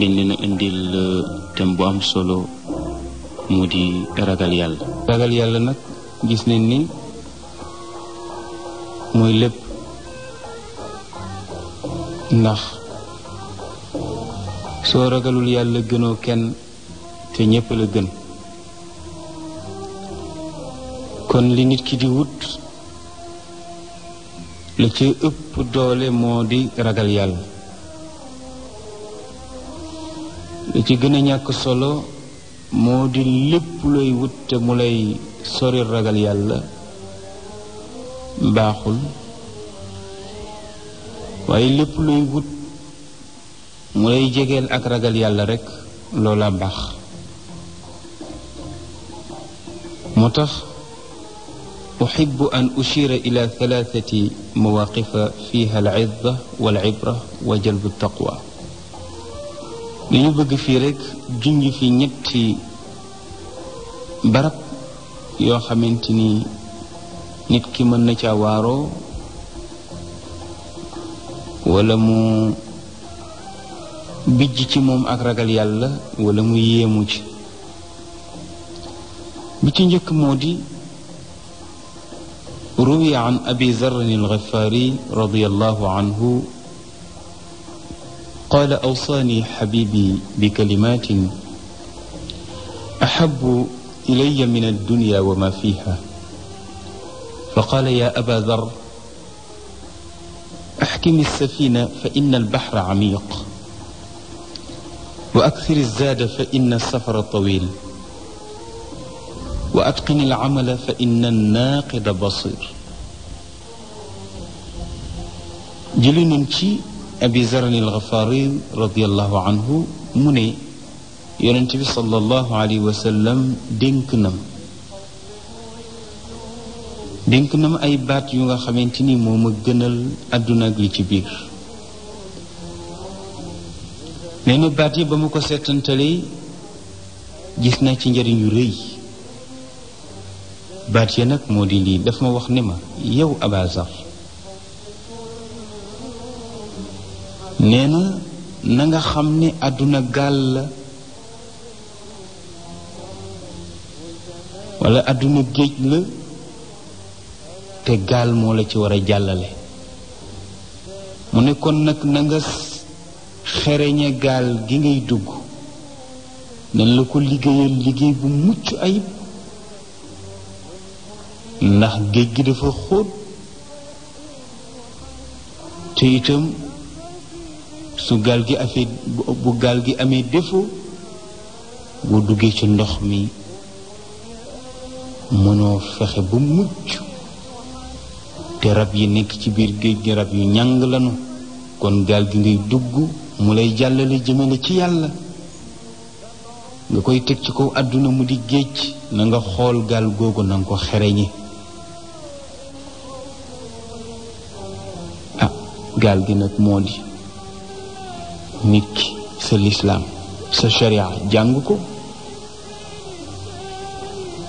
dañ leen a indil euh, thème bu am solo mu di ragal yàlla. ragal yàlla nag gis na ni mooy lépp ndax soo ragalul yàlla gënoo kenn te ñépp la gën kon li nit ki di wut la ci ëpp doole moo di ragal yàlla. li ci gën a ñàkk solo moo di lépp looy wut te mu lay sori ragal yàlla baaxul waaye lépp looy wut mu lay jegeel ak ragal yàlla rekk loola baax moo tax uhibbu an ushira ila thalathati mawaqifa fiha al izza wal ibra wa jalbu taqwa dañu bëgg fii rek junj fi ñetti barab yoo xamante ni nit ki mën na ca waaroo walla mu bijj ci moom ak ragal yàlla wala mu yéemu ci bi ci njëkk moo di ruwiya an abi zarrin al-ghifari radiyallahu anhu قال أوصاني حبيبي بكلمات أحب إلي من الدنيا وما فيها فقال يا أبا ذر أحكم السفينة فإن البحر عميق وأكثر الزاد فإن السفر طويل وأتقن العمل فإن الناقد بصير jëli nañ ci abi zaran alxafaari radiallahu mu ne yonent bi sallallahu alayhi wa sallam dénk nam dénk nam ay baat yu nga xamante ni moo ma gënal àdduna ak li ci biir nee na baat yi ba ma ko seetantalee gis naa ci njëriñ yu rëy baat yi nag moo di lii daf ma wax ne ma yow abazar nee na nga xam ni àdduna gaal la wala àdduna géej la te gaal moo la ci war a jàllale mu ne kon nag na nga xereñe gaal gi ngay dugg nan la ko liggéeyal liggéey bu mucc ayib ndax géej gi dafa xóot te itam su gaal gi afee bu gaal gi amee défaut boo duggee ci ndox mi mënoo fexe ba mucc te rab yi nekk ci biir géej gi rab yu ñàng lanu kon gaal gi ngay dugg mu lay jàllale jëmale ci yàlla nga koy teg ci ko àdduna mu di géej nanga xool gaal googu na ko xereñe ah gaal gi nag moo di nit ki sa lislaam sa sharia jàng ko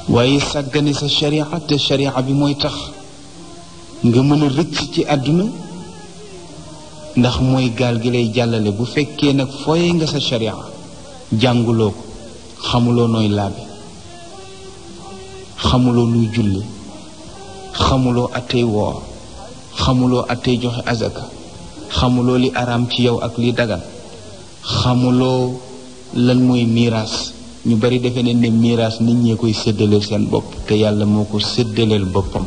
waaye sàggane sa sharia te sharia bi mooy tax nga mën a rëcc ci àdduna ndax mooy gaal gi lay jàllale bu fekkee nag fooye nga sa sharia jànguloo ko xamuloo nooy laabe xamuloo luy julli xamuloo attey woor xamuloo attey joxe azaka xamuloo li araam ci yow ak li dagal xamuloo lan mooy miiraas ñu bari defe nañ ne miiraas nit ñee koy séddaleel seen bopp te yàlla moo ko séddaleel boppam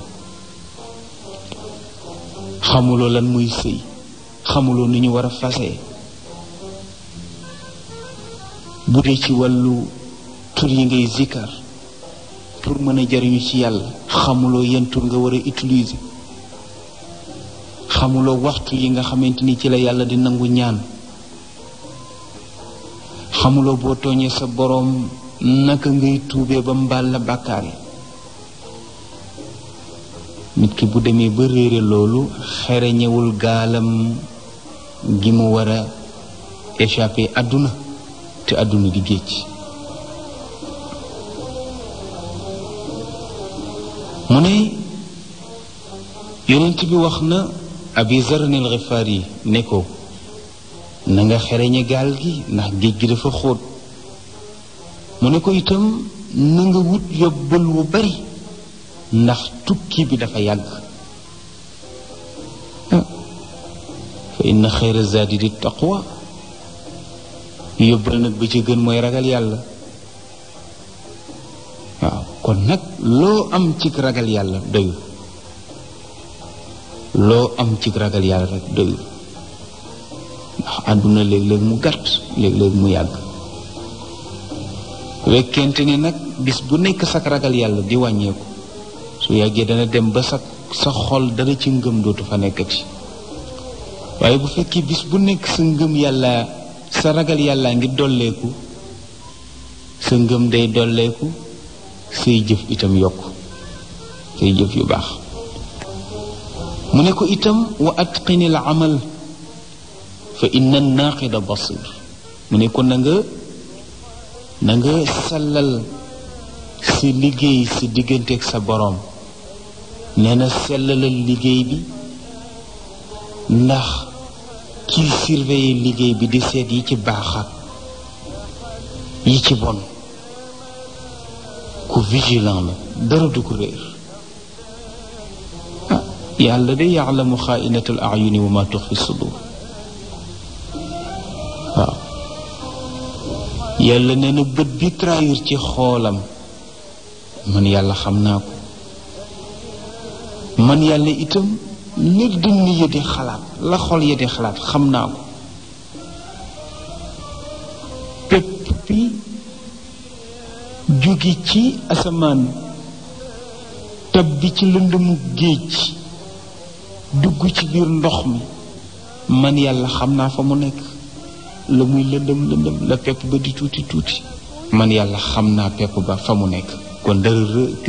xamuloo lan muy sëy xamuloo ni ñu war a fase bu dee ci wàllu tur yi ngay zikkar pour mën a jariñu ci yàlla xamuloo yan tur nga war a utiliser xamuloo waxtu yi nga xamante ni ci la yàlla di nangu ñaan xamuloo boo tooñee sa boroom naka ngay tuubee ba mbaal la bàkkaar yi nit ki bu demee ba réere loolu xereñewul gaalam gi mu war a échappé àdduna te àdduna di géej mu ne yonent bi wax na abi zarnil xifaar yi ne ko na nga xereñe gaal gi ndax géej gi dafa xóot mu ne ko itam na nga wut yóbbal wu bari ndax tukki bi dafa yàgg ah, fa inna xayra zaadi di taqwa yóbbal nag bi ci gën mooy ragal yàlla waaw kon nag loo am ci ragal yàlla doyul loo am ci ragal yàlla rek doyul ndax àdduna léeg-léeg mu gàtt léeg-léeg mu yàgg wekkente ni nag bis bu nekk sak ragal yàlla di wàññeeku su yàggee dana dem ba sa sa xol dara ci ngëm dootu fa nekk ci waaye bu fekkee bis bu nekk sa ngëm yàlla sa ragal yàlla ngi dolleeku sa ngëm day dolleeku say jëf itam yokk say jëf yu baax mu ne ko itam wa atqinil amal fa inna naaqida basir mu ne ko na nga na nga sellal si liggéey si digganteeg sa boroom nee na sellalal liggéey bi ndax kiy surveiller liggéey bi di seet yi ci baax ak yi ci bon ku vigilant la dara du ko réer ah, yàlla de yaxlamu xaainatul ayuni wa ma tux fi sudur yàlla nee na bët bi trahir ci xoolam man yàlla xam naa ko man yàlla itam la dënn ya di xalaat la xol ya di xalaat xam naa ko pépp jóge ci asamaan tab bi ci lëndëmu géej dugg ci biir ndox mi man yàlla xam naa fa mu nekk la muy lëndëm lëndëm la pepp ba di tuuti tuuti man yàlla xam naa pepp ba fa mu nekk kon dara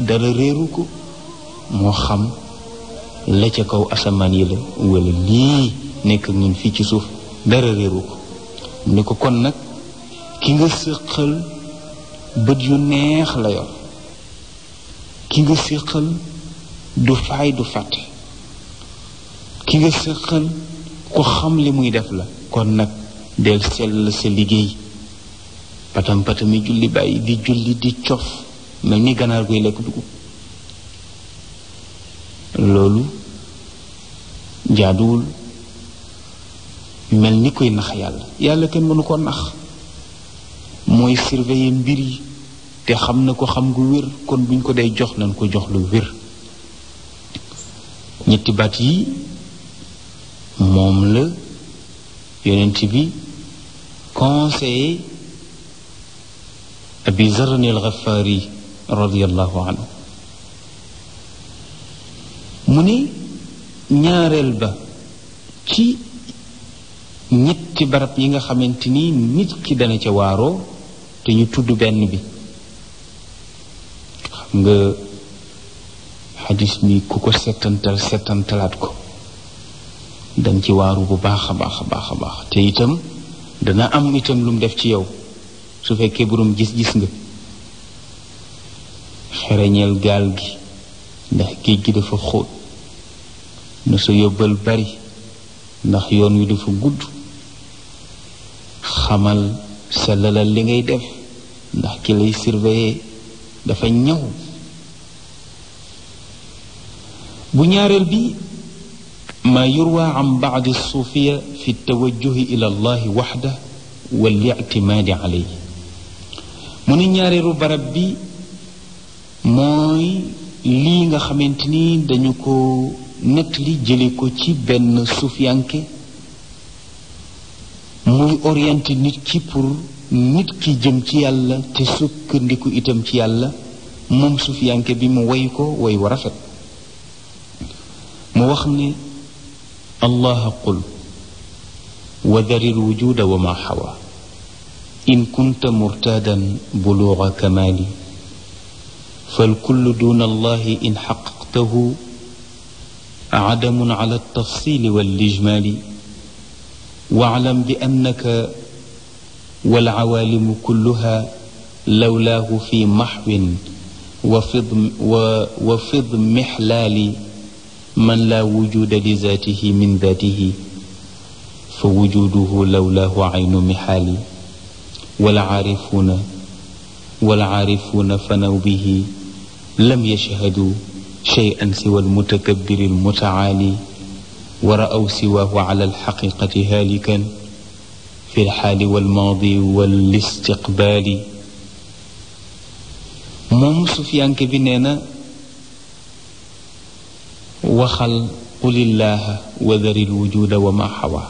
dara réeru ko moo xam la ci kaw asamaan yi la wala lii nekk ak fii ci suuf dara ne ko kon nag ki nga séqal bët yu neex la yor ki nga séqal du faay du fàtte ki nga séqal ku xam li muy def la kon nag del sell sa liggéey patam patami julli bàyyi di julli di cof mel ni ganaar guy lekk dugub loolu jaaduwul mel ni koy nax yàlla yàlla kenn mënu ko nax mooy surveiller mbir yi te xam na ko xam gu wér kon buñ ko dee jox nañ ko jox lu wér ñetti baat yi moom la yonent bi conseillé Abi Zarr al-Ghafaari radiyallahu mu ni ñaareel ba ci ñetti barab yi nga xamante ni nit ki dana ca waaroo te ñu tudd benn bi xam nga xadis ni ku ko setantal setantalaat ko dañ ci waaru bu baax a baax a baax a baax te itam dana am itam lu mu def ci yow su fekkee borom gis-gis nga xereñeel gaal gi ndax géej gi dafa xóot na sa yóbbal bari ndax yoon wi dafa gudd xamal sa lalal li ngay def ndax ki lay surveiller dafa ñaw bu ñaareel bi ما يروى عن بعض الصوفية في التوجه إلى الله وحده والاعتماد عليه mu ne ñaareelu barab bi mooy lii nga xamante ni dañu ko li jële ko ci benn sufiyanke muy orienté nit ki pour nit ki jëm ci yàlla te sukkandiku itam ci yàlla moom sufiyanke bi mu woy ko woy rafet mu wax ne الله قل وذر الوجود وما حوى إن كنت مرتادا بلوغ كمالي فالكل دون الله إن حققته عدم على التفصيل والإجمال واعلم بأنك والعوالم كلها لولاه في محو وفض, وفض محلال man laa wujuda li zaatihi min zaatihi fa wujuduhu lawlaahu aynu mixaali wala aarifuuna wala aarifuuna fanaw bihi lam yashhadu shay'an siwa almutakabbiri almutacaali wa ra'aw siwaahu cala alxaqiiqati haalikan fi alxaali walmaadi walistiqbaali moom sufiyanke bi nee na waxal qulillaaha wa daril wujuda wa ma xawa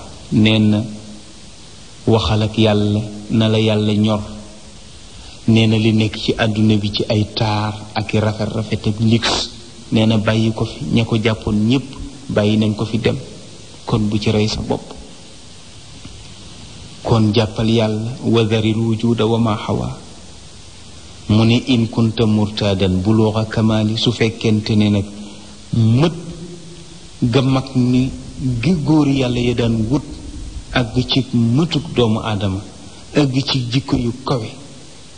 waxal ak yàlla na la yàlla ñor nee na li nekk ci àdduna bi ci ay taar ak i rafet rafet ak luxe nee na bàyyi ko fi ña ko jàppoon ñépp bàyyi nañ ko fi dem kon bu ci rey sa bopp kon jàppal yàlla wa daril wujuda wa ma mu ne in kunta murtaadan bulooxa kamaali su fekkente ne nag mët ga mag ni gi góor yàlla ya daan wut àgg ci mëtuk doomu aadama àgg ci jikko yu kawe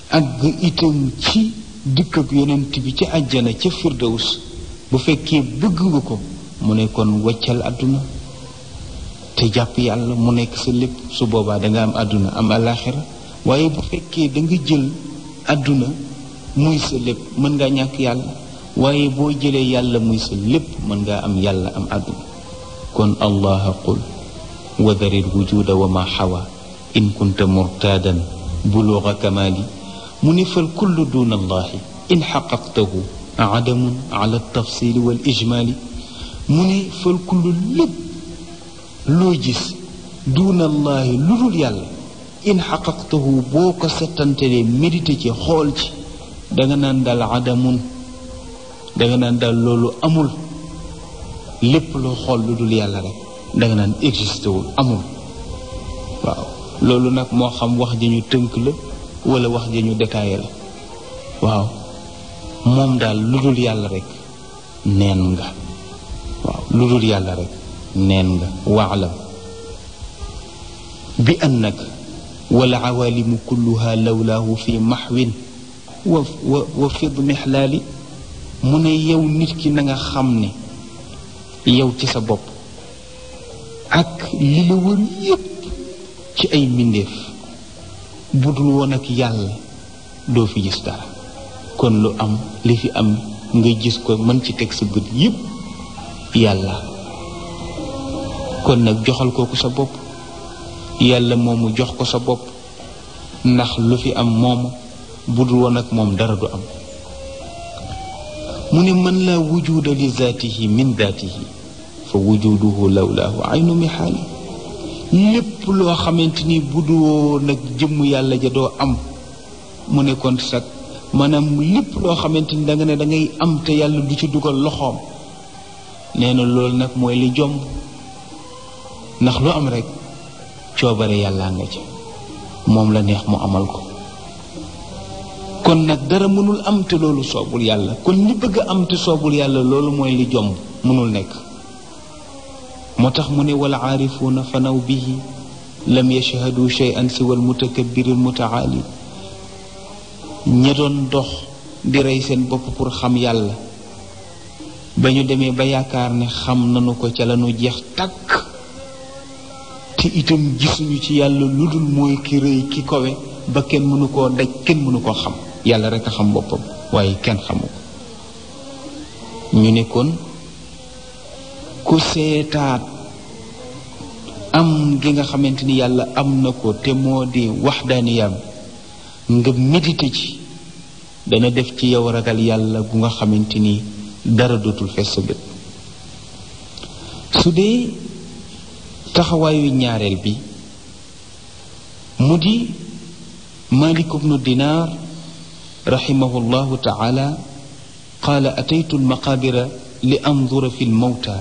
àgg itam ci dikk ak yonent bi ca àjjana ca firdaus bu fekkee bëgg nga ko mu ne kon wàccal àdduna te jàpp yàlla mu nekk sa lépp su boobaa danga am àdduna am alaaxira waaye bu fekkee danga jël àdduna muy sa lépp mën ngaa ñàkk yàlla waaye boo jëlee yàlla muy sa lépp mën ngaa am yàlla am àdduna kon allaha qul wa daril wujuda wa ma xawa in kunta murtaadan buluga kamaali mu ni fal kullu duna allahi in xaqaqtahu adamun ala tafsili boo ko settantalee médité ci xool ci danga naan daal adamun danga naan daal loolu amul lépp loo xool lu dul yàlla rek danga naan existé wul amul waaw loolu nag moo xam wax ji ñu tënk la wala wax ji ñu détaillé la waaw moom daal lu dul yàlla rek neen nga waaw lu dul yàlla rek neen nga waalam bi nag wala awaalimu kulluha lawlaahu fi maxwin wa wa fi mixlaali mu ne yow nit ki nanga xam ne yow ci sa bopp ak li yépp ci ay mbindeef budul woon ak yàlla doo fi gis dara kon lu am li fi am nga gis ko mën ci teg sa bët yépp yàlla kon nag joxal kooku sa bopp yàlla moomu jox ko sa bopp ndax lu fi am moomu budul woon ak moom dara du am mu ne man laa wujuda li zaatihi min zaatihi fa wujuduhu lawlaahu aynu mihaali lépp loo xamante ni bu doo nag jëmm yàlla ja doo am mu nekkoon kon sax maanaam lépp loo xamante ni da ne da am te yàlla du ci dugal loxoom nee na loolu nag mooy li jomb ndax lu am rek coobare yàllaa nga ci moom la neex mu amal ko kon nag dara mënul am te loolu soobul yàlla kon li bëgg am te soobul yàlla loolu mooy li jomb mënul nekk moo tax mu ne wal aarifuuna fanaw bihi lam yashhadu shay'an siwal mutakabbiril mutaali ña doon dox di rey seen bopp pour xam yàlla ba ñu demee ba yaakaar ne xam nañu ko ca lañu jeex tàkk te itam gisuñu ci yàlla lu dul mooy ki rëy ki kowe ba kenn mënu koo daj kenn mënu koo xam yàlla rek a xam boppam waaye kenn xamu ko ñu ne kon ku seetaat am gi nga xamante ni yàlla am na ko te moo di wax waxdaaniyaam nga médité ci dana def ci yow ragal yàlla gu nga xamante ni dara dootul fees sa bët su dee taxawaayu ñaareel bi mu di Maalik ibnu Dinaar raximahu llahu taala qaala ataytu maqabir li andura fi lmawta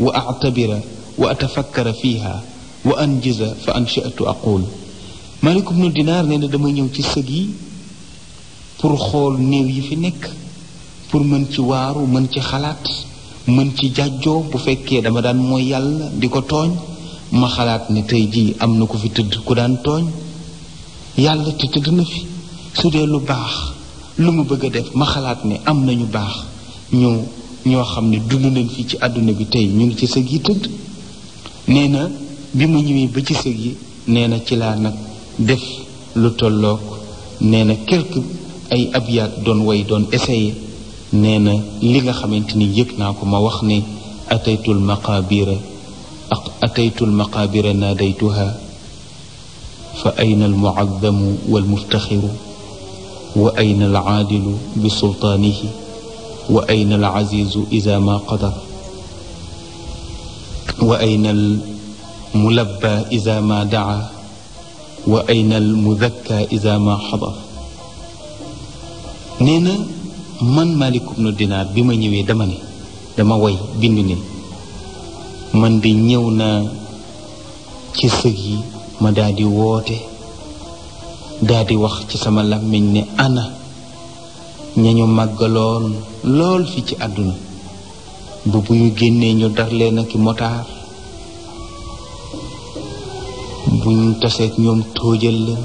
wa actabira wa atafakkara fiha wa anjiza fa anshatu aqul malik ibnu dinaar nee na dama ñëw ci sëg yi pour xool néew yi fi nekk pour mën ci waaru mën ci xalaat mën ci jàjjoo bu fekkee dama daan mooy yàlla di ko tooñ ma xalaat ne tey jii am na ko fi tëdd ku daan tooñ yàlla te tëdd na fi su dee lu baax lu mu bëgg a def ma xalaat ne am na ñu baax ñu ñoo xam ne dund nañ fii ci àdduna bi tey ñu ngi ci sëg yi tëdd nee na bi ma ñëwee ba ci sëg yi nee na ci laa nag def lu tolloog nee na quelque ay abyaat doon way doon essayé nee na li nga xamante ni yëg naa ko ma wax ne ataytul maqaabira ak ataytul maqaabira naadaytuha fa ayna almuazzamu walmuftaxiru wa ayna al aadilu bi sultaanihi wa ayna al azizu ida ma qadar wa ayna al mulabba ida ma daa wa ayna al mudakka ida ma xadar nee na man Maalik ibnu Dinaar bi ma ñëwee dama ne dama woy bind ne man di ñëw naa ci sëg ma daal di woote daa wax ci sama làmmiñ ne ana ñañu màggaloon lool fi ci àdduna bu bu ñu génnee ñu dar leen ak motaar bu ñu taseeg ñoom tóojal leen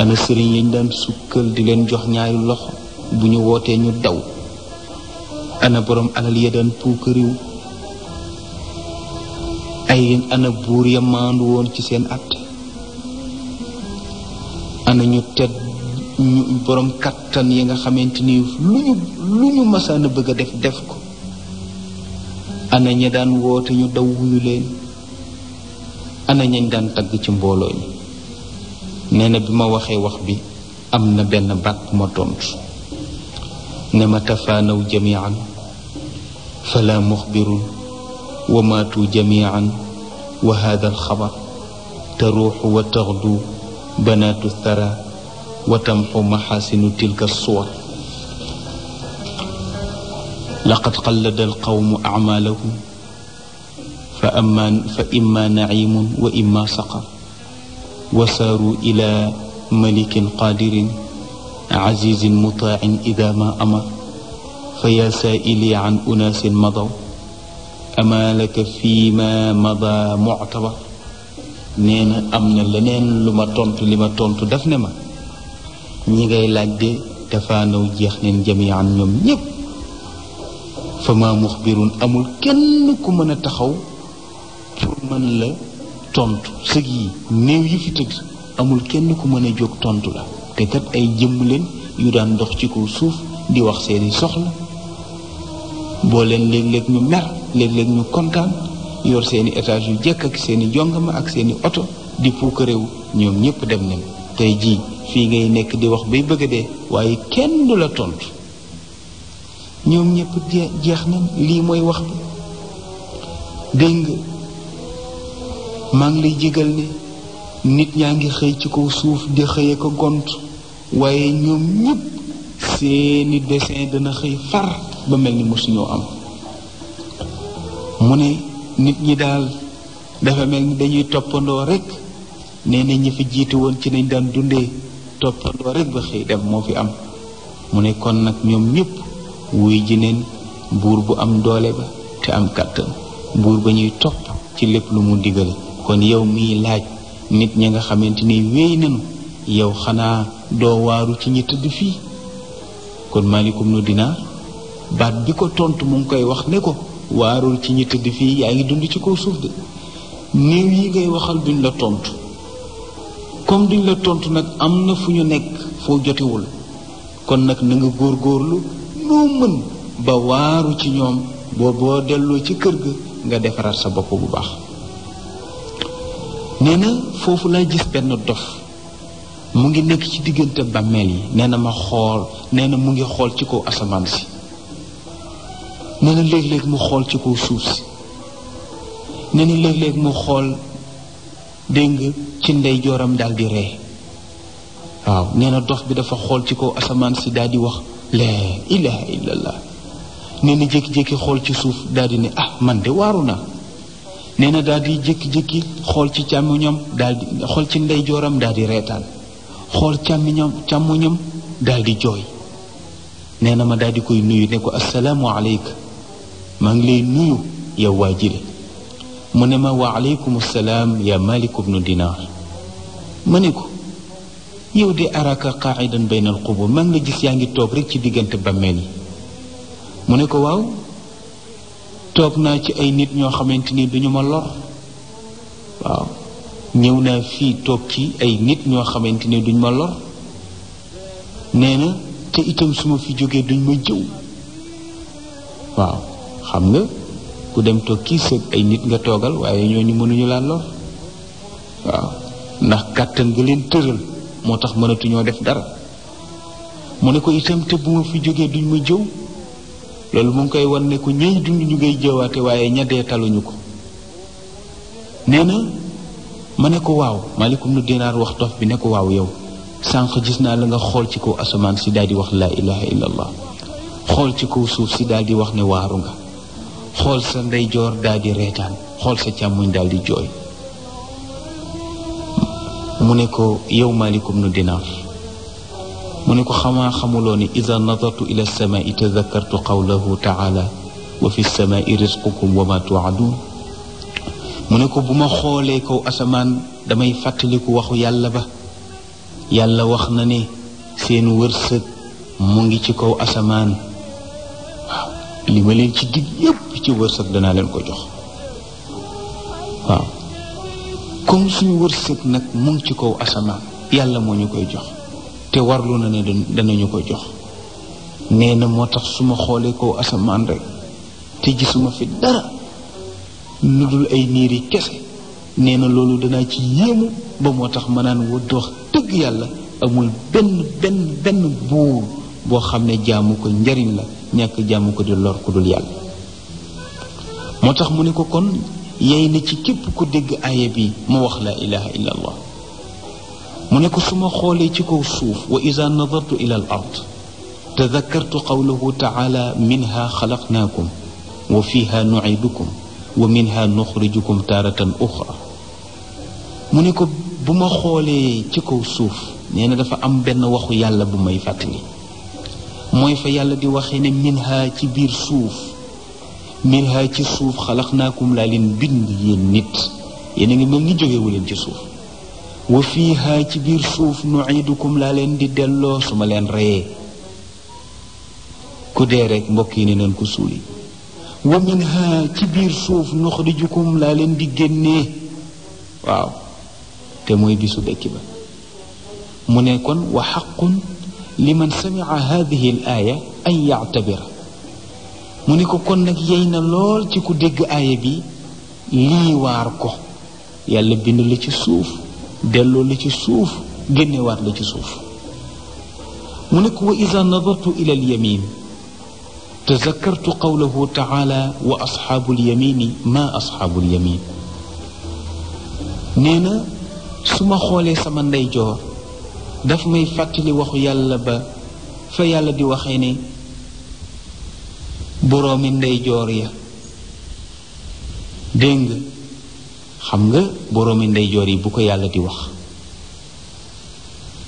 ana sëriñ yañ daan sukkal di leen jox ñaari loxo bu ñu wootee ñu daw ana borom alal ya daan puukariw ay ana buur ya maandu ci seen at ana ñu tedd ñu borom kattan yi nga xamante ni lu ñu masaan a bëgg a def def ko ana ñi daan woote ñu daw wuyu leen ana ñañ daan tagg ci mbooloo ñi nee na bi ma waxee wax bi am na benn baat ma tontu ne ma tafaanaw jamian fala muxbirun wa maatu jamian wa hada alxabar taruuxu wa taxdu banaatu thara wa tamxu maxaasinu tilka suwar laqad qallada alqawmu acmaalahum fa amma fa imma naimun wa imma saqar wa saaru ila malikin qaadirin azizin mutaacin ida ma amar fa yaa saaili an unaasin madaw amalaka fi ma mada muctabar nee na am na leneen lu ma tontu li ma tontu daf ne ma ñi ngay laaj de dafaanaw jeex neen jamian ñoom ñépp fa ma muxbirun amul kenn ku mën a taxaw pour mën la tontu sëg yi néew yi fi tëdd amul kenn ku mën a jóg tontu la te kat ay jëmm leen yu daan dox ci kaw suuf di wax seeni soxla boo leen léeg-léeg ñu mer léeg-léeg ñu kontaan yor seeni i étage yu jëkk ak seeni i jongama ak seeni oto di puukarewu ñoom ñëpp dem nañ tey jii fii ngay nekk di wax bay bëgg a dee waaye kenn du la tontu ñoom ñëpp jeex nañ lii mooy wax bi dégg nga maa ngi lay jégal ne nit ñaa ngi xëy ci kaw suuf di xëyee ko gont waaye ñoom ñëpp seeni dessin dana xëy far ba mel ni mosuñoo am mu ne nit ñi daal dafa mel ni dañuy toppandoo rekk nee na ñi fi jiitu woon ci nañ daan dundee toppandoo rek ba xëy dem moo fi am mu ne kon nag ñoom ñëpp wuy ji buur bu am doole ba te am kàttan buur ba ñuy topp ci lépp lu mu digale kon yow miy laaj nit ñi nga xamante ni wéy nañu yow xanaa doo waaru ci ñi tëdd fii kon maalikum nu dina baat bi ko tontu mu ngi koy wax ne ko waarul ci ñi tëdd fii yaa ngi dund ci kaw suuf de néew yi ngay waxal duñ la tontu comme duñ la tontu nag am na fu ñu nekk foo jotewul kon nag na nga góor góorlu noo mën ba waaru ci ñoom boo delloo ci kër ga nga defaraat sa bopp bu baax nee na foofu laa gis benn dof mu ngi nekk ci diggante bàmmeel yi nee na ma xool nee na mu ngi xool ci kaw asamaan si nee na léeg-léeg mu xool ci kaw suuf si nee na léeg-léeg mu xool dégg nga ci ndeyjooram jooram ree waaw nee na dof bi dafa xool ci kaw asamaan si daal di wax laa ilaha illallah nee na jékki-jékki xool ci suuf daldi di ne ah man de waaru na nee na daal di jékki xool ci càmmoñam ñoom di xool ci ndeyjooram jooram daal di reetaan xool càmmiñam càmmoñam daal di jooy nee na ma daal koy nuyu ne ko asalaamu aleyka maa ngi lay nuyu yow waa jile mu ne ma wa aleykum salaam ya malik ibnu dinaar ma ne ko yow di araka qaacidan bayna alqubur maa ngi la gis yaa ngi toog rek ci diggante bàmmeel yi mu ne ko waaw toog naa ci ay nit ñoo xamante ni duñu ma lor waaw ñëw naa fi toog ci ay nit ñoo xamante ni duñ ma lor nee na te itam su ma fi jógee duñ ma jëw waaw xam nga ku dem toog kii sëg ay nit nga toogal waaye ñooñu mënuñu laan lor waaw ndax kàttan nga leen tëral moo tax mënatuñoo def dara mu ne ko itam te bu ma fi jógee duñ ma jëw loolu mu ngi koy wan ne ko ñëy dund ñu ngay jëwaate waaye ñadee taluñu ko nee na ma ne ko waaw malikum nu dinaar wax dof bi ne ko waaw yow sànq gis naa la nga xool ci kaw asamaan si daal di wax laa ilaha illa xool ci kaw suuf si daal di wax ne waaru nga xool sa ndeyjoor daal di reetaan xool sa càmmuñ daal di jooy mu ne ko yow malikum nu dinaar mu ne ko xamaa xamuloo ni ida nadartu ila lsamaai tadakartu qawlahu taala wa fi lsamaai risqukum wa ma tuadun mu ne ko bu ma xoolee kaw asamaan damay fàttaliku waxu yàlla ba yàlla wax na ne seen wërsëg mu ngi ci kaw asamaan li ma leen ci digg yépp ci wërsëg danaa leen ko jox waaw comme suñu wërsëg nag mu ci kow asamaan yàlla moo ñu koy jox te warlu na ne danañu ko jox nee na moo tax su ma xoolee kaw asamaan rek te gisuma fi dara lu dul ay niir yi kese nee na loolu dana ci yéemu ba moo tax ma naan wa dox dëgg yàlla amul benn benn benn buur boo xam ne jaamu ko njariñ la ñàkk jàmm ko di lor ku dul yàlla moo tax mu ne ko kon yey na ci képp ku dégg aaya bi ma wax laa ilaha illa allah mu ne ko su ma xoolee ci kaw suuf wa ida nadartu ila al ard tadakkartu qawlahu taala minha xalaqnaakum wa fiha nucidukum wa minha ne ko ma xoolee ci kaw suuf nee na dafa am benn waxu yàlla bu may fàttali mooy fa yàlla di waxee ne minha ci biir suuf minha ci suuf xalaqnaakum laa leen bind yéen nit yéen a ngi mel ni jógewu leen ci suuf wa fiiha ci biir suuf nuidukum laa leen di delloo suma leen reyee ku dee rek mbokk yi ne nañ ko suuli wa minha ci biir suuf nuxrijukum laa leen di génnee waaw te mooy bisu dekki ba mu ne kon wa xaqun liman sami'a hadhihi al-aaya an ya'tabira mu ni ko kon nag yey na lool ci ku dégg aaya bi lii waar ko yàlla bind la ci suuf delloo la ci suuf génnewaat la ci suuf mu ne ko wa ida nadartu ila alyamin tazakkartu qawlahu taala wa asxaabu alyamini ma asxaabu alyamin nee na su ma xoolee sama ndeyjoor dafa may fàttali waxu yàlla ba fa yàlla di waxe ni boroomi ndeyjoor ya dégg nga xam nga boromi ndeyjoor yi bu ko yàlla di wax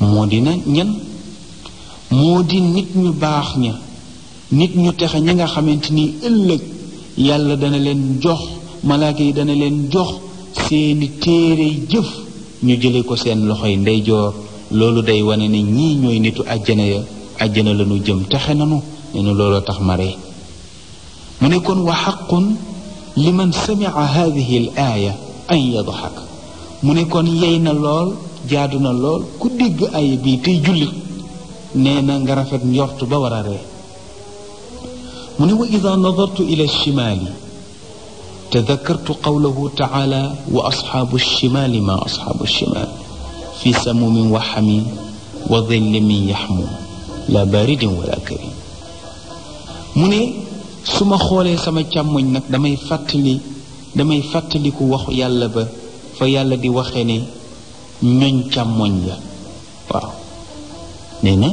moo di na ñan moo di nit ñu baax ña nit ñu texe ña nga xamante ni ëllëg yàlla dana leen jox malaaka yi dana leen jox seeni téere jëf ñu jële ko seen loxoy ndeyjoor loolu day wane ni ñii ñooy nitu àjjana ya àjjana la ñu jëm texe nanu ne nu looloo tax ma rey mu ne kon wa xaqun liman samia hadihi al aaya an yadxak mu ne kon yey na lool jaadu na lool ku dégg aaya bii tey jullit nee na nga rafet njort ba war a ree mu ne wa ida nadartu ila shimaali tadakartu qawlahu taala wa asxaabu shimaali ma asxaabu shimaali fi samumin wa xamin wa dhilli min yaxmum la baridin wala karim mu ne su ma xoolee sama càmmoñ nag damay fàttaliku wax yàlla ba fa yàlla di waxee ne ñoñ càmmoñ ya waaw nee na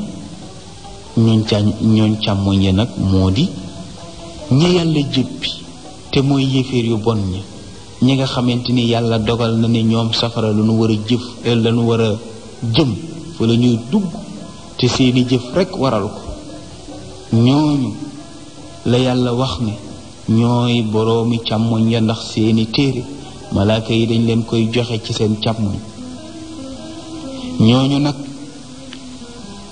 ñooñ càmmoñ ya nag moo di ña yàlla jëppi te mooy yéeféer yu bon ña ñi nga xamante ni yàlla dogal na ni ñoom safara la ñu a jëf eh, la ñu jëm fa la ñuy dugg te seeni jëf rekk waral ko ñooñu la yàlla wax ne ñooy boroomi càmmoñ ya ndax seeni téere malaaka yi dañ leen koy joxe ci seen càmmoñ ñooñu nag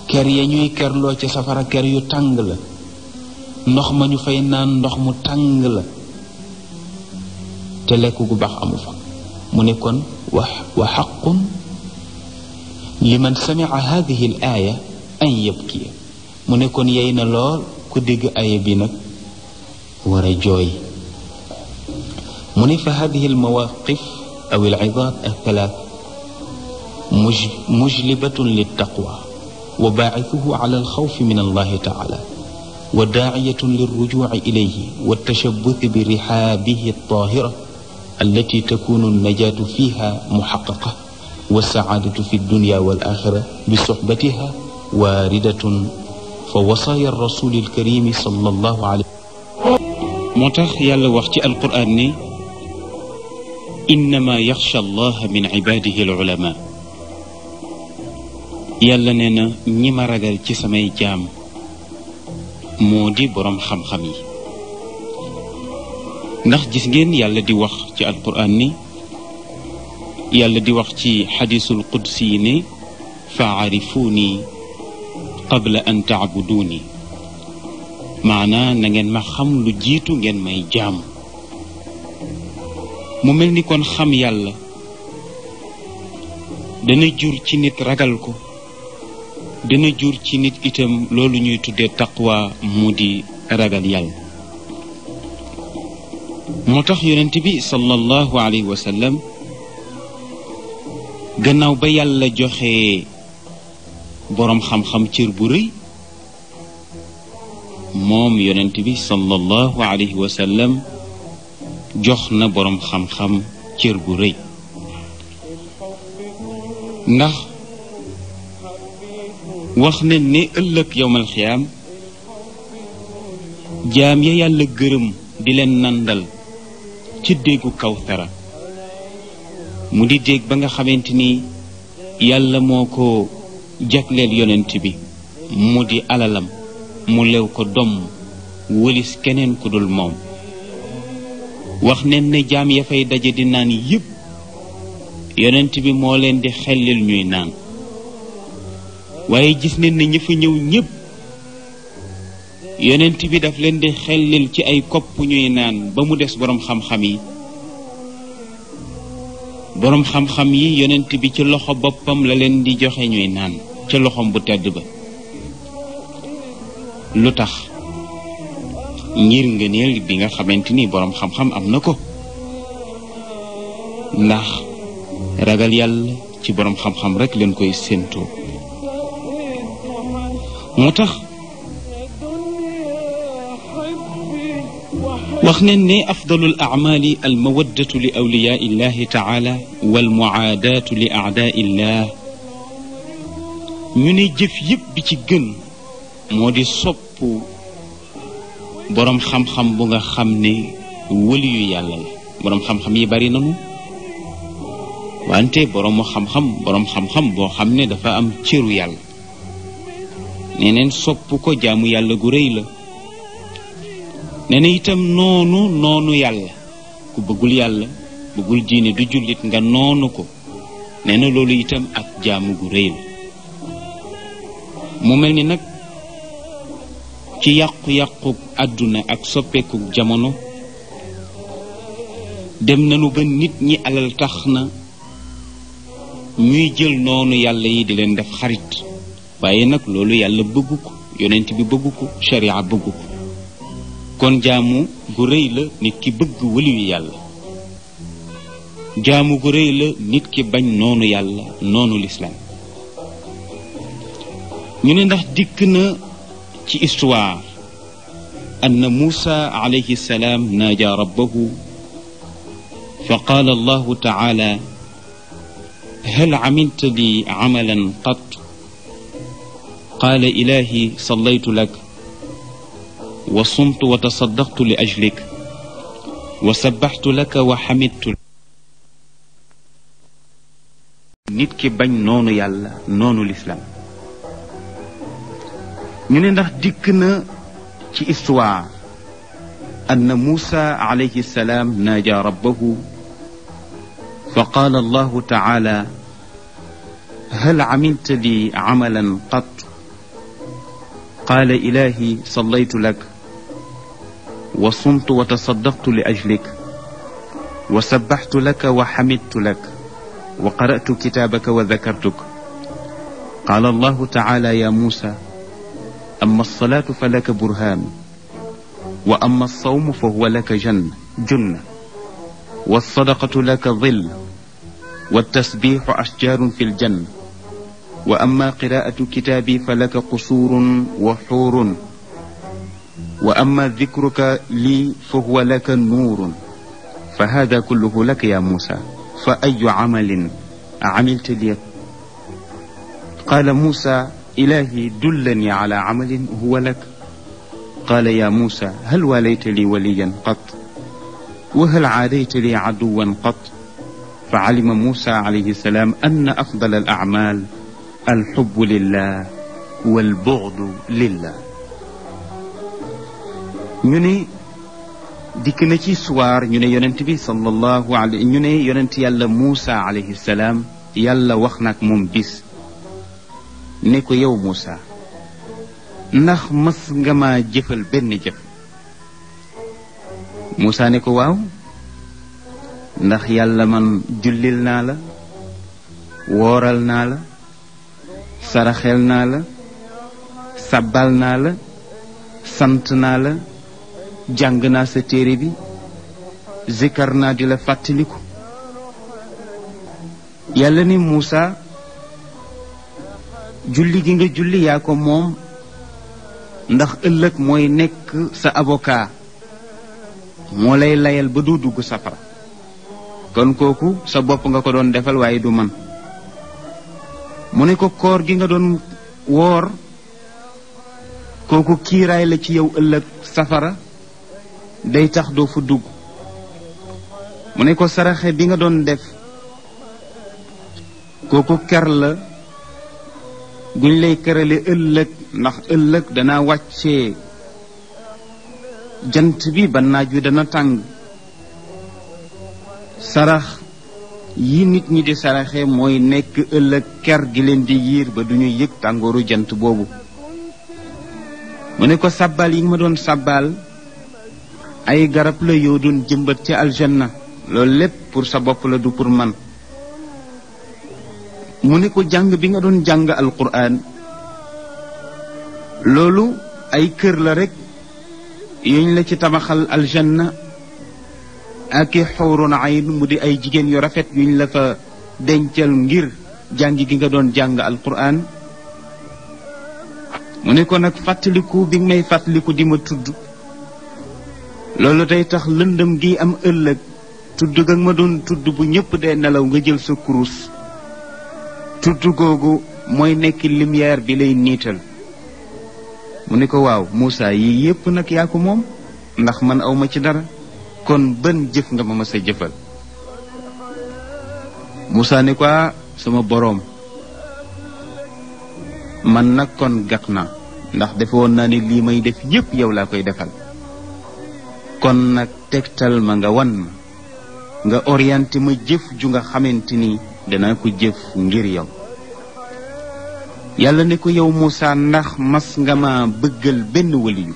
ker ya ñuy kerloo ci safara ker yu tàng la ndox ma ñu fay naan ndox mu tàng la te lekk gu baax amu fa mu ne kon wa wa xaqun liman samica hadihi al aaya an yabkiya mu ne kon yey na lool ku dégg aaya bi nag war a jooy mu ne fa hadihi al mawaqif aw al idaat al thalath mujlibatun liltaqwa wa baacituhu ala alxawfi min allahi taala wa daaciyatun lilrujuci ilayhi wa tashabuti bi rixaabihi altahira التي تكون النجاة فيها محققة والسعادة في الدنيا والآخرة بصحبتها واردة فوصايا الرسول الكريم صلى الله عليه moo tax yàlla wax ci alquraan ni innama yaxsha allaha min ibaadihi al ulama yàlla nee na ñi ma ragal ci samay jaam moo di boroom xam-xam yi ndax gis ngeen yàlla di wax ci alquran ni yàlla di wax ci xadisul qudsi yi ne faarifuuni qabla an taabuduuni maanaa na ngeen ma xam lu jiitu ngeen may jaam mu mel ni kon xam yàlla dana jur ci nit ragal ko dana jur ci nit itam loolu ñuy tuddee waa mu di ragal yàlla moo tax yonent bi sallallahu alayhi wa gannaaw ba yàlla joxee boroom xam-xam cër bu rëy moom yonent bi sallallahu alayhi wa sallam jox na boroom xam-xam cër bu rëy ndax wax nañ ne ëllëg yowmal xiyaam jaam ya yàlla gërëm di leen nandal ci déggu kawsara mu di dégg ba nga xamante ni yàlla moo ko jagleel yonent bi mu di alalam mu lew ko doom wëlis keneen ku dul moom wax nen ne jaam ya fay daje di naan yépp yonent bi moo leen di xellil ñuy naan waaye gis nen ne ñi fa ñëw ñépp yonent bi daf leen di xellil ci ay kopp ñuy naan ba mu des boroom xam-xam yi boroom xam-xam yi yonent bi ci loxo boppam la leen di joxe ñuy naan ca loxoom bu tedd ba lu tax ngir ngëneel bi nga xamante ni boroom xam-xam am na ko ndax ragal yàlla ci boroom xam-xam rekk leen koy séentoo moo tax wax ngeen ne afdalul acmaali almawaddatu li awliyaa illahi taala walmuaadaatu li aadaa illah ñu ne jëf yépp bi ci gën moo di sopp boroom xam-xam nga xam ne wëliyu yàlla la boroom yi bari nanu wante boroomu xam-xam xam-xam boo xam ne dafa am cëru yàlla nee neen sopp ko jaamu yàlla gu rëy la nee na itam noonu noonu yàlla ku bëggul yàlla bëggul jiine du jullit nga noonu ko nee na loolu itam ak jaamu gu rëy la mu mel ni nag ci yàqu-yàqu àdduna ak soppeeku jamono dem nanu ba nit ñi alal tax na ñuy jël noonu yàlla yi di leen def xarit waaye nag loolu yàlla bëgg ko yonent bi bëgg ko sharia bëgg ko kon jaamu gu la nit ki bëgg wëliyu yàlla jaamu gu nit ki bañ noonu yàlla noonu lislaam ñu ne ndax dikk na ci histoire anna muusa alayhi salaam naaja rabbahu fa qaala allahu taala hal amilta li amalan qat qaala ilahi sallaytu lak wa sumtu wa tasaddaqtu li ajlik wa sabaxtu laka wa xamidtu nit ki bañ noonu yàlla noonu lislaam ñu ne ndax dikk na ci histoire anna muusa alayhi salaam naaja rabbahu fa qaala allahu taala hal amilta li amalan qat qaala ilaahi sallaytu lak wa sumtu wa tasaddaqtu li ajlik wa sabbaxtu laka wa xamidtu lak wa qara'tu kitaabaka wa dakartuk qaala allahu taala ya muusa amma alsalaatu fa laka burhaan wa amma alsawmu fa huwa laka jann junna wa alsadaqatu laka dill wa altasbiixu ashjaarun fi ljanna wa amma qiraa'atu kitaabi fa laka qusuurun wa xuurun wa amma dikruka lii fa huwa laka nuurun fa hada kulluhu laka ya muusa fa ayu amalin amilta li qaala muusa ilaahi dullani ala amalin huwa lak qaala ya muusa hal waalayta li waliyan qat wa hal aadayta li aduwan qat fa calima muusa alayhi salaam anna afdal al acmaal alxubbu lillah walbucdu lillah ñu ne dikk na ci suwaar ñu ne yonent bi sallallahu ñu ne yonent yàlla Muusa alayhi salaam yàlla wax nag moom bis ne ko yow Muusa ndax mas nga ma jëfal benn jëf Muusa ne ko waaw ndax yàlla man jullil naa la wooral naa la saraxel naa la sabbal naa la sant naa la jàng naa sa téere bi zikkar naa di la fàttaliku yàlla ni Muusa julli gi nga julli yaa ko moom ndax ëllëg mooy nekk sa avocat moo lay layal ba du dugg safara kon kooku sa bopp nga ko doon defal waaye du man mu ne ko koor gi nga doon woor kooku kiiraay la ci yow ëllëg safara day tax doo fa dugg mu ne ko saraxe bi nga doon def kooku ker la guñ lay kerale ëllëg ndax ëllëg dana wàccee jant bi ba naaj wi dana tàng sarax yi nit ñi di saraxe mooy nekk ëllëg ker gi leen di yiir ba du ñu yëg tàngooru jant boobu mu ne ko sàbbaal yi nga doon sàbbaal ay garab la yow doon jëmbat ci aljanna loolu lépp pour sa bopp la du pour man mu ni ko jàng bi nga doon jàng alquran loolu ay kër la rekk yuñ la ci tabaxal algenna ak i xuurun ayn mu di ay jigéen yu rafet yuñ la fa dencal ngir jàng gi nga doon jàng alquran mu ne ko nag fàttaliku bi may fàttaliku di ma tudd loolu day tax lëndam gi am ëllëg tudd ga ma doon tudd bu ñëpp dee nelaw nga jël sa kurus tudd googu mooy nekk lumière bi lay niital mu ni ko waaw muusa yii yépp nag yaa ko moom ndax man awma ci dara kon bën jëf nga ma sa jëfal Moussa ni ko ah, sama boroom man nag kon gàtt na ndax defe woon naa ne lii may def yépp yow laa koy defal kon nag tegtal ma nga wan ma nga orienté ma jëf ju nga xamante ni danaa ko jëf ngir yow yàlla ne ko yow Moussa ndax mas nga ma bëggal benn waliyu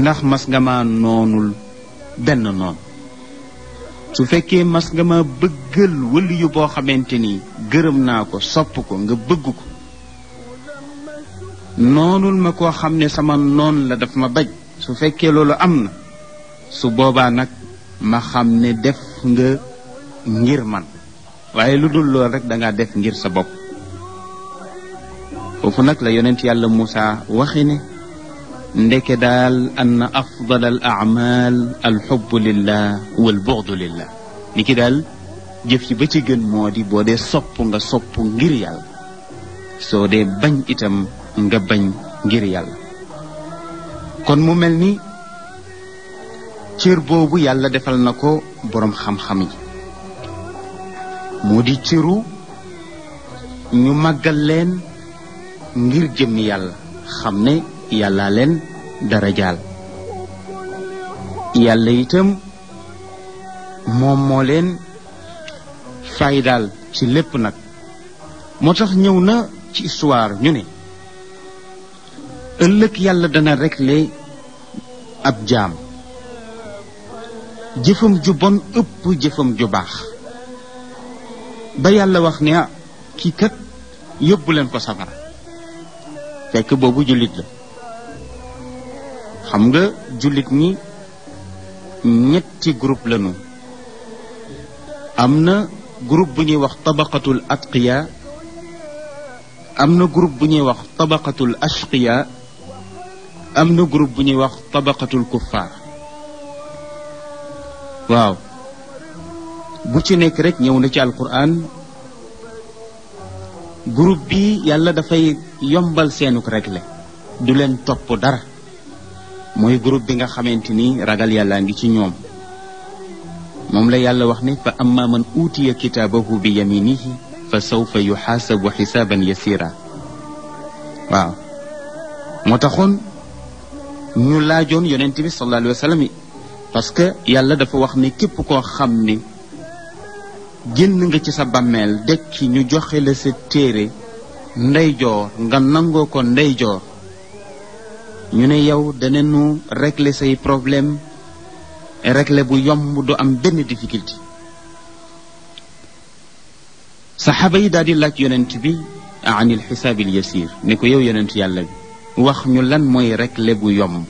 ndax mas nga ma noonul benn noonu su fekkee mas nga ma bëggal waliyu boo xamante ni gërëm naa ko sopp ko nga bëgg ko noonul ma koo xam ne sama noon la daf ma bañ su fekkee loolu am na su boobaa nag ma xam ne def nga ngir man waaye lu dul lool rek dangaa def ngir sa bopp foofu nag la yonent yàlla Muusa waxi ne ndeke daal ann afdal al amal al xubbu lillah wal buxdu lillah ni ki daal jëf ci ba ci gën moo di boo dee sopp nga sopp ngir yàlla soo dee bañ itam nga bañ ngir yàlla kon mu mel ni cër boobu yàlla defal na ko boroom xam-xam yi moo di cëru ñu màggal leen ngir jëmmi yàlla xam ne yàlla leen dara jaal yàlla itam moom moo leen faydaal ci lépp nag moo tax ñëw na ci histoire ñu ne ëllëg yàlla dana rekk régler ab jaam jëfam ju bon ëpp jëfam ju baax ba yàlla wax ne kii kat yóbbu leen ko safara fekk boobu jullit la xam nga jullit ñi ñetti groupe lanu am na groupe bu ñuy wax tabaqatul atqiya am na groupe bu ñuy wax tabaqatul ashqiya am na groupe bu ñuy wax tabaqatul kuffaar waaw bu ci nekk rek ñëw na ci alquran groupe bi yàlla dafay yombal seenuk rek le du leen topp dara mooy groupe bi nga xamante ni ragal yàllaa ngi ci ñoom moom la yàlla wax ne fa amma man uutiya kitaabahu bi yaminihi fa sawfa yuxaasabu xisaaban yasira waaw moo taxoon ñu laajoon yonent bi sallallahu alayhi wa sallam parce que yàlla dafa wax ne képp koo xam ne génn nga ci sa bàmmeel dekki ñu joxe la sa téere ndeyjoor nga nangoo ko ndeyjoor ñu ne yow danañu regle say problème regle bu yomb du am benn difficulté saxaaba yi daal di laaj yonent bi anil xisaabil yasir ne ko yow yonent yàlla bi wax ñu lan mooy régler bu yomb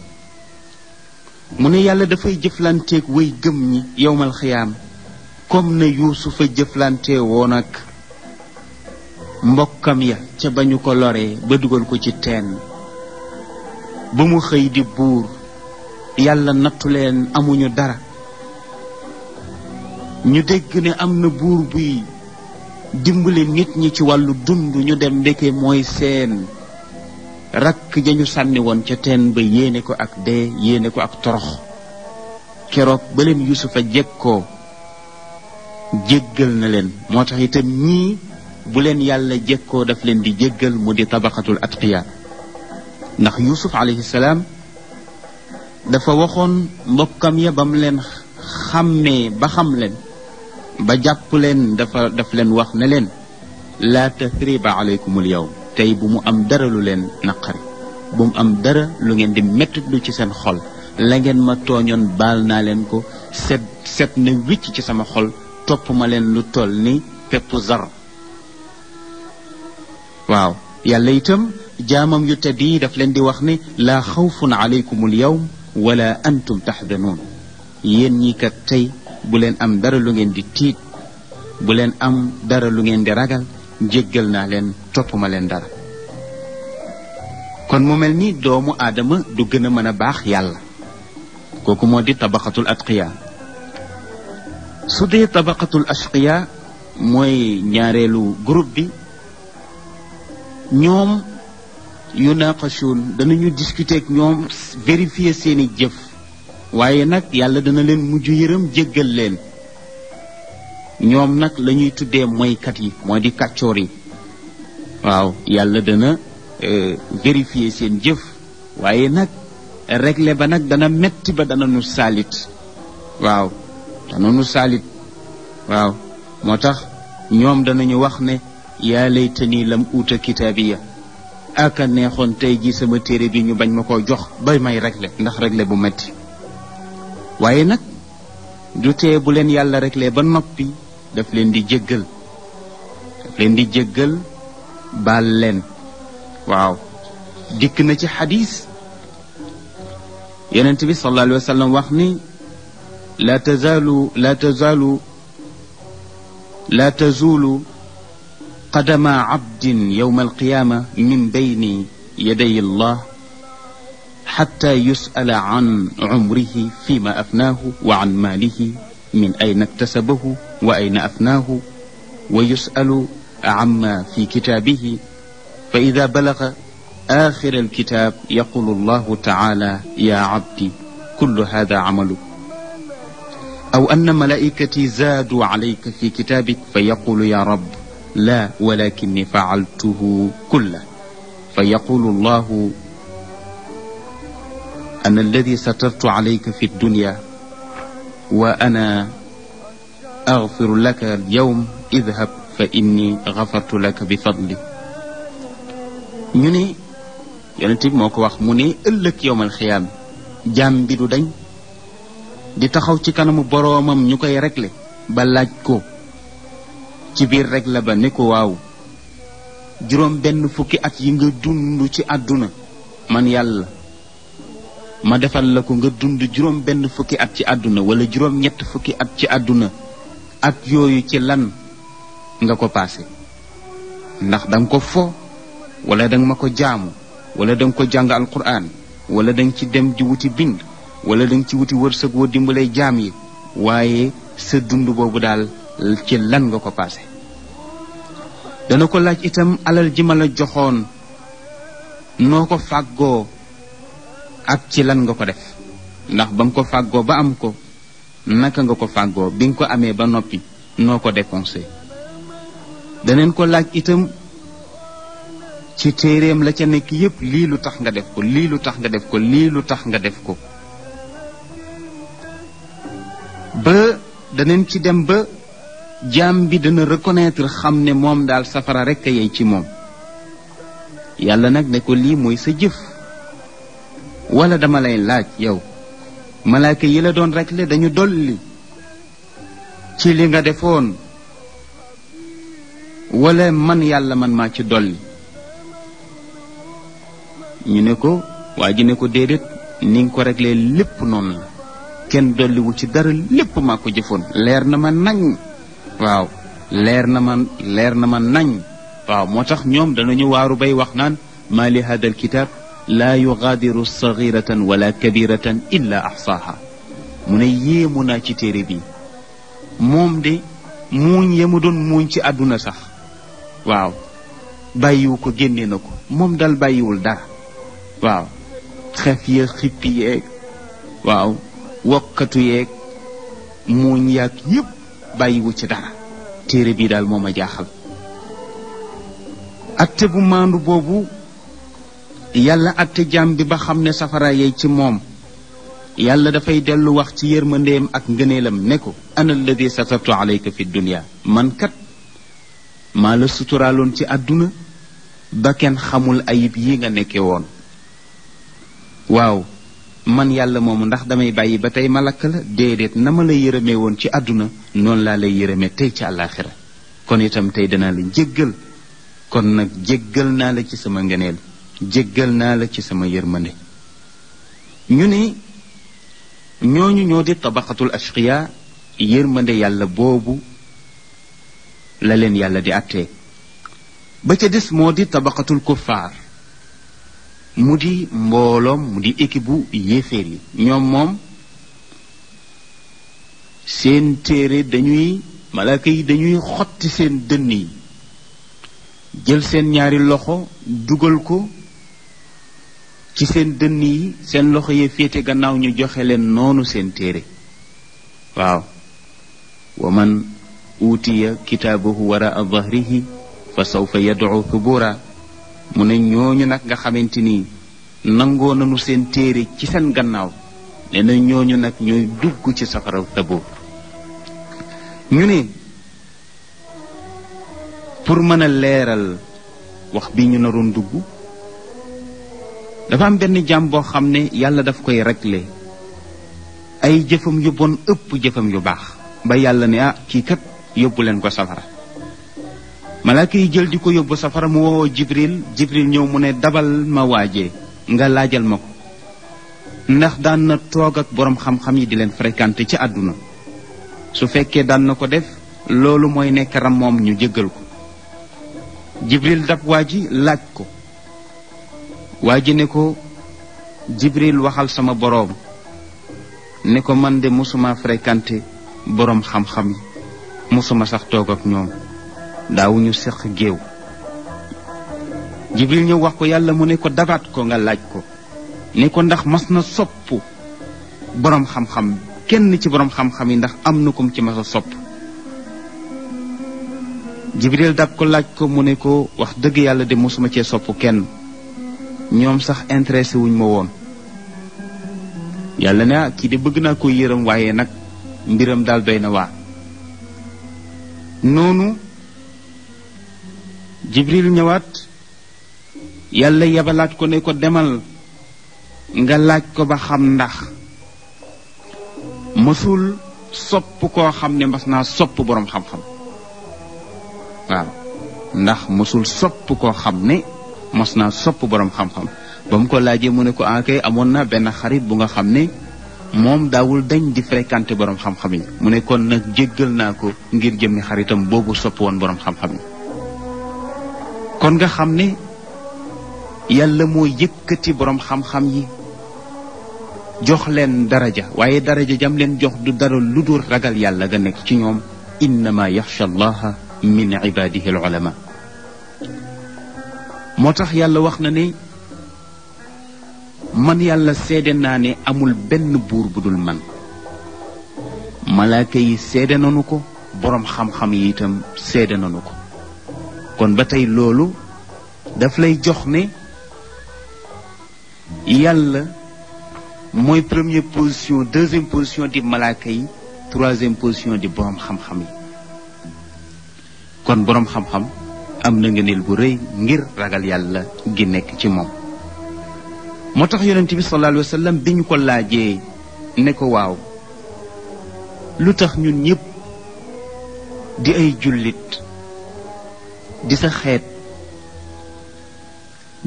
mu ne yàlla dafay jëflanteeg way gëm ñi yowmal xiyaam comme na yuusufa jëflante woon ak mbokkam ya ca ba ñu ko loree ba dugal ko ci teen ba mu xëy di buur yàlla nattu leen amuñu dara ñu dégg ne am na buur buy dimbali nit ñi ci wàllu dund ñu dem ndeke mooy seen rakk ja ñu sànni woon ca teen ba yéene ko ak dee yéene ko ak torox keroog ba leen yusufa jekkoo jéggal na leen moo tax itam ñii bu leen yàlla jekkoo daf leen di jéggal mu di tabaxatul atqiya ndax yusuf alayhi salaam dafa waxoon mbokkam ya bam leen xàmmee ba xam leen ba jàpp leen dafa daf leen wax na leen laa tathriba alaykumul yow tey bu mu am dara lu leen naqari bu mu am dara lu ngeen di mettitlu ci seen xol la ngeen ma tooñoon baal naa leen ko set na wicc ci sama xol topp ma leen lu toll ni peppu zar waaw yàlla itam jaamam yu te yi daf leen di wax ni laa xawfun aleykumul yawm wala antum taxdanuun yéen ñi kat tey bu leen am dara lu ngeen di tiit bu leen am dara lu ngeen di ragal jéggal naa leen topp ma leen dara kon mu mel ni doomu aadama du gën a mën a baax yàlla kooku moo di tabaxatul atqiya su dee tabaxatul ashqiya mooy ñaareelu groupe bi ñoom yu yunaqashuun danañu discuter ak ñoom vérifier seeni jëf waaye nag yàlla dana leen mujj yërëm jéggal leen ñoom nag la ñuy tuddee moykat yi moo di kàccoor yi waaw yàlla dana euh, vérifier seen jëf waaye nag regle ba nag dana metti ba dana nu saalit waaw dana nu saalit waaw moo tax ñoom dana ñu wax ne yaa laytani lam uuta kitaabiya aka neexoon tey ji sama téere bi ñu bañ ma ko jox ba may régler ndax régler bu metti waaye nag du tee bu yàlla régler ba noppi daf leen di jéggal daf leen di jéggal baal leen waaw dikk na ci xadis yonent bi sallallahu alayhi wa sallam wax ni laa tazaalu laa tazaalu laa tazuulu qadama abdin yowma alqiyaama min bayni yaday allah xata yus'ala an cumrihi fi ma afnaahu wa an maalihi min ayna iktasabahu wa ayna afnaahu wa yusalu amma fi kitaabihi fa ida balaga axira alkitaab yaqulu allahu taala ya cabdi kullu hada camaluk aw anna malaa'ikati zaadu calayka fi kitaabik fa yaqulu ya rab la walakinni facaltuhu kulla fa yaqulu allahu ana alladi satartu calayka fi ddunya wa ana أغفر لك اليوم اذهب fa bi fadli ñu ne yonent moo ko wax mu ne ëllëg yowmal xiyaam jaam bi du dañ di taxaw ci kanamu boroomam ñu koy regle ba laaj ko ci biir rekk la ba ne ko waaw juróom benn fukki at yi nga dund ci àdduna man yàlla ma defal la ko nga dund juróom benn fukki at ci àdduna wala juróom ñett fukki at ci àdduna ak yooyu ci lan nga ko paase ndax danga ko fo walla danga ma ko jaamu wala danga ko jàng alquran wala danga ci dem di wuti bind wala danga ci wuti wërsëg woo dimbalay jaam yi waaye sa dund boobu daal ci lan nga ko paase dana ko laaj itam alal ji ma la joxoon noo ko fàggoo ak ci lan nga ko def ndax ba nga ko fàggoo ba am ko naka nga ko fàggoo bi nga ko amee ba noppi noo ko déconseil daneen ko laaj itam ci téeréem la ca nekk yépp lii lu tax nga def ko lii lu tax nga def ko lii lu tax nga def ko ba daneen ci dem ba jaam bi dana reconnaître xam ne moom daal safara rekk a yey ci moom yàlla nag ne ko lii mooy sa jëf wala dama lay laaj yow malaaka yi la doon rek le dañu dolli ci li nga defoon wala man yàlla man maa ci dolli ñu ne ko waa ji ne ko déedéet ni nga ko réglé lépp noonu la kenn dolliwu ci dara lépp maa ko jëfoon leer na ma nañ waaw leer na ma leer na ma nañ waaw moo tax ñoom dana ñu waaru bay wax naan maa li hadal kitaab laa yugaadiru saxiratan wala kabiratan illa axsaaha mu ne yéemu naa ci téere bi moom de muuñ yemu doon muuñ ci àdduna sax waaw bàyyiwu ko génnee na ko moom daal bàyyiwul dara waaw xef ya xippi yeeg waaw wokkatu yeeg muuñ yaag yépp bàyyiwu ci dara téere bi daal moom a jaaxal atte bu maandu boobu yàlla atte jaam bi ba xam ne safara yey ci moom yàlla dafay dellu wax ci yërmandeem ak ngëneelam ne ko ana alladi satartu alayka fi dunia man kat maa la suturaaloon ci àdduna ba kenn xamul ayib yi nga nekke woon waaw man yàlla moomu ndax damay bàyyi ba tey ma lakk la déedéet na ma la yërëmee woon ci àdduna noonu laa lay yërëme tey ci àllaaxira kon itam tey dinaa la jéggal kon nag jéggal naa la ci sama ngëneel jëggal naa la ci sama yërmande ñu ne ñooñu ñoo di tabaxatul ashqiya yërmande yàlla boobu la leen yàlla di àttee ba ca des moo di tabaqatul kuffaar mu di mbooloom mu di équipe bu yéeféer yi ñoom moom seen téere dañuy malaaka yi dañuy xotti seen dënn yi jël seen ñaari loxo dugal ko ci seen dënn yi seen loxo yee féete gannaaw ñu joxe leen noonu seen téere waaw wa man uutiya kitaabahu wara dhahrihi fa sawfa yad'u thubura mu ne ñooñu nag nga xamante ni nangoo nañu seen téere ci seen gannaaw nee na ñooñu nag ñooy dugg ci safaraw thabur ñu ne pour mën a leeral wax bi ñu naroon dugg dafa am benn jaam boo xam ne yàlla daf koy régler ay jëfam yu bon ëpp jëfam yu baax ba yàlla ne ah kii kat yóbbu leen ko safara malaaka yi jël di ko yóbbu safara mu woo jibril jibril ñëw mu ne dabal ma waajee nga laajal ma ko ndax daan na toog ak boroom xam-xam yi di leen fréquenté ci àdduna su fekkee daan na ko def loolu mooy nekk ram moom ñu jëggal ko jibril dab waa ji laaj ko waa ji ne ko jibril waxal sama boroom ne ko man de mosuma fréquenté boroom xam-xam yi mosuma sax toog ak ñoom daawuñu seq géew jibril ñëw wax ko yàlla mu ne ko dabaat ko nga laaj ko ne ko ndax mas na sopp boroom xam-xam kenn ci boroom xam-xam yi ndax am na kum ci mas a sopp jibril dab ko laaj ko mu ne ko wax dëgg yàlla de mosuma cee sopp kenn ñoom sax intéressé wuñ ma woon yàlla na kii de bëgg naa ko yërëm waaye nag mbiram daal doy na waa noonu jibril ñëwaat yàlla yabalaat ko ne ko demal nga laaj ko ba xam ndax mësul sopp koo xam ne mas naa sopp boroom xam-xam waaw ndax mësul sopp koo xam ne mos naa sopp borom xam-xam ba mu ko laajee mu ne ko akay ah, amoon na benn xarit bu nga xam ne moom daawul dañ di fréquenté boroom xam-xam yi mu ne kon nag jéggal naa ko ngir jëmmi xaritam boobu sopp woon borom xam-xam yi kon nga xam ne yàlla moo yëkkati boroom xam-xam yi jox leen ja waaye daraja jam leen jox du dara lu dul ragal yàlla ga nekk ci ñoom innama yaxsha allaha min ibadihi al ulama moo tax yàlla wax na ne man yàlla sedde naa ne amul benn buur bu dul man malaaka yi seede nanu ko boroom xam-xam yi itam seede nanu ko kon ba tey loolu daf lay jox ne yàlla mooy première position deuxième position di malaaka yi troisième position di boroom xam-xam yi kon boroom xam-xam am na ngëneel bu rëy ngir ragal yàlla gi nekk ci moom moo tax yonent bi sallallahu alayhi wa sallam bi ñu ko laajee ne ko waaw lu tax ñun ñépp di ay jullit di sa xeet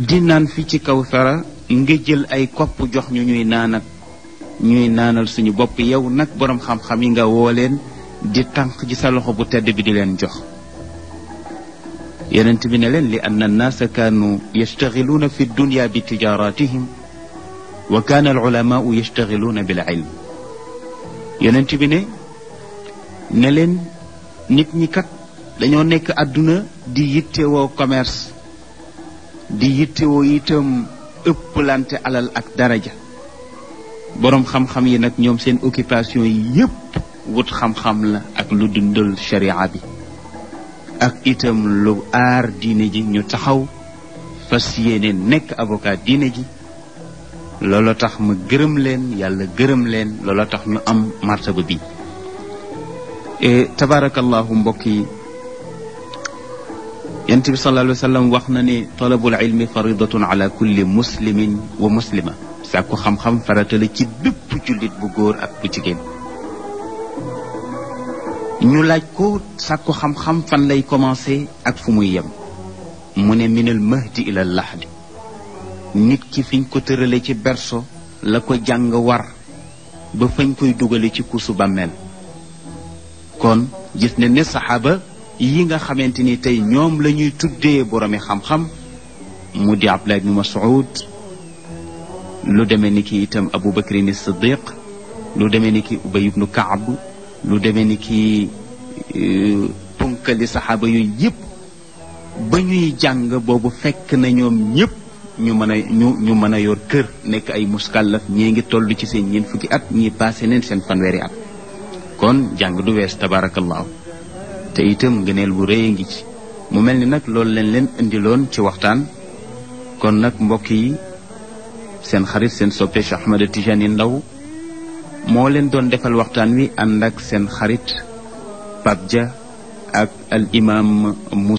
di naan fi ci kaw sara ngi jël ay kopp jox ñu ñuy naan ak ñuy naanal suñu bopp yow nag boroom xam-xam yi nga woo leen di tànq ci sa loxo bu tedd bi di leen jox yonent bi ne leen li anna annaasa kaanu yastaxiluuna fi dunya bi tijaratihim wa kaana alulamaau yastaxiluuna bil ilm yonent bi ne ne leen nit ñi kat dañoo nekk àdduna di yittewoo commerce di yittewoo itam ëpplante alal ak daraja boroom xam-xam yi nag ñoom seen occupation yi yépp wut xam-xam la ak lu dundal sharia bi ak itam lu aar diine ji ñu taxaw fas yéene nekk avocat diine ji looloo tax ma gërëm leen yàlla gërëm leen looloo tax ñu am martaba bi e, tabaarakallahu mbokk yi yent bi sallallahu alayhi wax na ne talabul ilmi faridatun ala kulli muslimin wa muslima sàkku xam-xam farata ci bépp jullit bu góor ak bu jigéen ñu laaj ko sàkku xam-xam fan lay commencé ak fu muy yem mu ne minal mahdi ila lahdi nit ki fiñ ko tërale ci berso la ko jàng war ba fañ koy dugale ci kuusu bàmmeel kon gis ne ne saxaaba yi nga xamante ni tey ñoom lañuy ñuy tuddee boromi xam-xam mu di Abdullah ibnu Mas'ud lu demee ni ki itam Abu Bakrin Siddiq lu demee ni ki Ubay ibnu Kaab lu demee ni ki euh, punkali saxaaba yooyu yëpp ba ñuy jàng boobu fekk na ñoom ñëpp ñu mën a ñu ñu mën a yor kër nekk ay muskàllaf ñii ngi toll ci seen ñeent fukki at ñii passé neen seen fanweeri at kon jàng du wees tabaarakallaahu te itam ngëneel bu rëy ngi ci mu mel ni nag loolu leen leen indiloon ci waxtaan kon nag mbokk yi seen xarit seen soppe Cheikh Ahmed Tidiane ndaw moo leen doon defal waxtaan wi ànd ak seen xarit Pape ja ak al imam Moussa